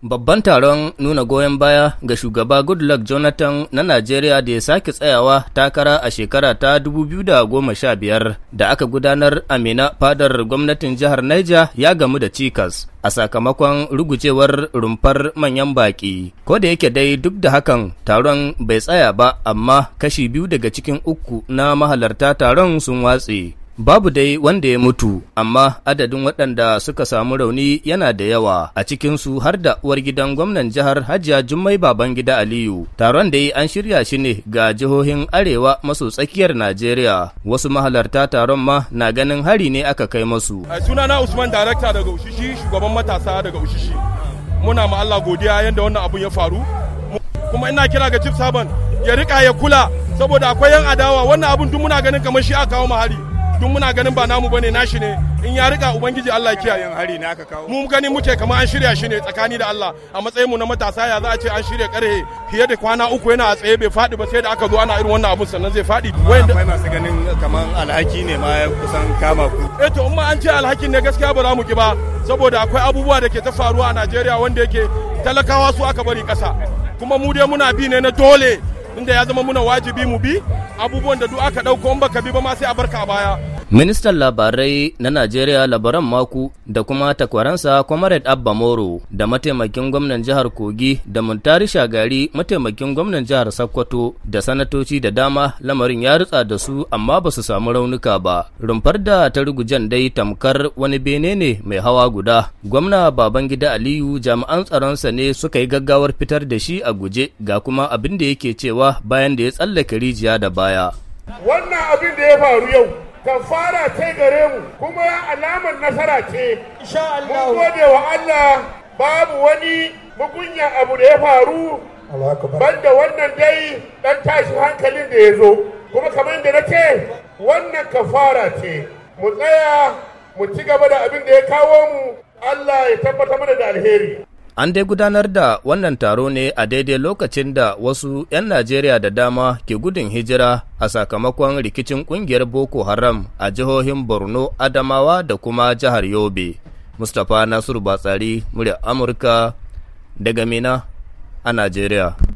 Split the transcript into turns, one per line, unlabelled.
Babban taron nuna goyon baya ga shugaba Goodluck Jonathan na Najeriya da ya sake tsayawa takara a shekara ta 2015 da aka gudanar a Mina fadar gwamnatin jihar Niger ya gamu da cikas a sakamakon rugujewar rumfar manyan baki. Ko da yake dai duk da hakan taron bai tsaya ba amma kashi biyu daga cikin uku na mahalarta taron sun watse. Babu dai wanda ya mutu, amma adadin waɗanda suka samu rauni yana da yawa, a cikinsu har da uwar gidan gwamnan jihar Hajiya Jummai Babangida Aliyu. Taron da an shirya shi ne ga jihohin Arewa maso tsakiyar Najeriya. Wasu mahalarta taron ma na ganin hari ne aka kai masu.
Sunana Usman Darakta daga Ushishi, shugaban matasa daga Ushishi. Muna ma Allah godiya yadda wannan abun ya faru. Kuma ina kira ga Chief Saban ya riƙa ya kula saboda akwai yan adawa wannan abun duk muna ganin kamar shi aka kawo mahari. duk muna ganin ba namu bane nashi ne in ya rika ubangiji Allah kiyaye hari ne kawo mu gani muke kamar an shirya shi ne tsakani da Allah a matsayin mu na matasa ya za a ce an shirya karhe fiye da kwana uku yana a tsaye bai fadi ba sai da aka zo ana irin wannan abun sannan zai fadi wanda akwai masu ganin
kamar alhaki ne ma kusan kama ku
eh to in ma an ce alhakin ne gaskiya ba za mu ki ba saboda akwai abubuwa da ke ta faruwa a Najeriya wanda yake talakawa su aka bari kasa kuma mu dai muna bi ne na dole inda ya zama muna wajibi mu bi abubuwan da duk aka ɗauko in baka bi ba ma sai a barka a baya
Ministan labarai na Najeriya labaran maku da kuma takwaransa Comrade Abba Moro da mataimakin gwamnan jihar Kogi da Muntari Shagari mataimakin gwamnan jihar Sokoto da sanatoci da dama lamarin ya rutsa da su amma ba su samu raunuka ba. Rumfar da ta rugujen dai tamkar wani bene ne mai hawa guda. Gwamna Babangida Aliyu jami'an tsaronsa ne suka yi gaggawar fitar da shi a guje ga kuma abin da yake cewa bayan da ya tsallake rijiya da baya.
Wannan abin da ya faru yau kafara ce gare mu kuma alamar nasara ce mun gode wa Allah babu wani mugunya abu da ya faru banda wannan dai dan tashi hankalin da ya zo kuma kamar da na ce wannan kafara ce mu tsaya mu ci gaba da abin da ya kawo mu Allah ya tabbatar mana da alheri
An dai gudanar da wannan taro ne a daidai lokacin da wasu 'yan Najeriya da dama ke gudun hijira a sakamakon rikicin ƙungiyar Boko Haram a jihohin Borno, Adamawa da kuma jihar Yobe. Mustapha Nasiru Batsari, murya Amurka daga Mina a Najeriya.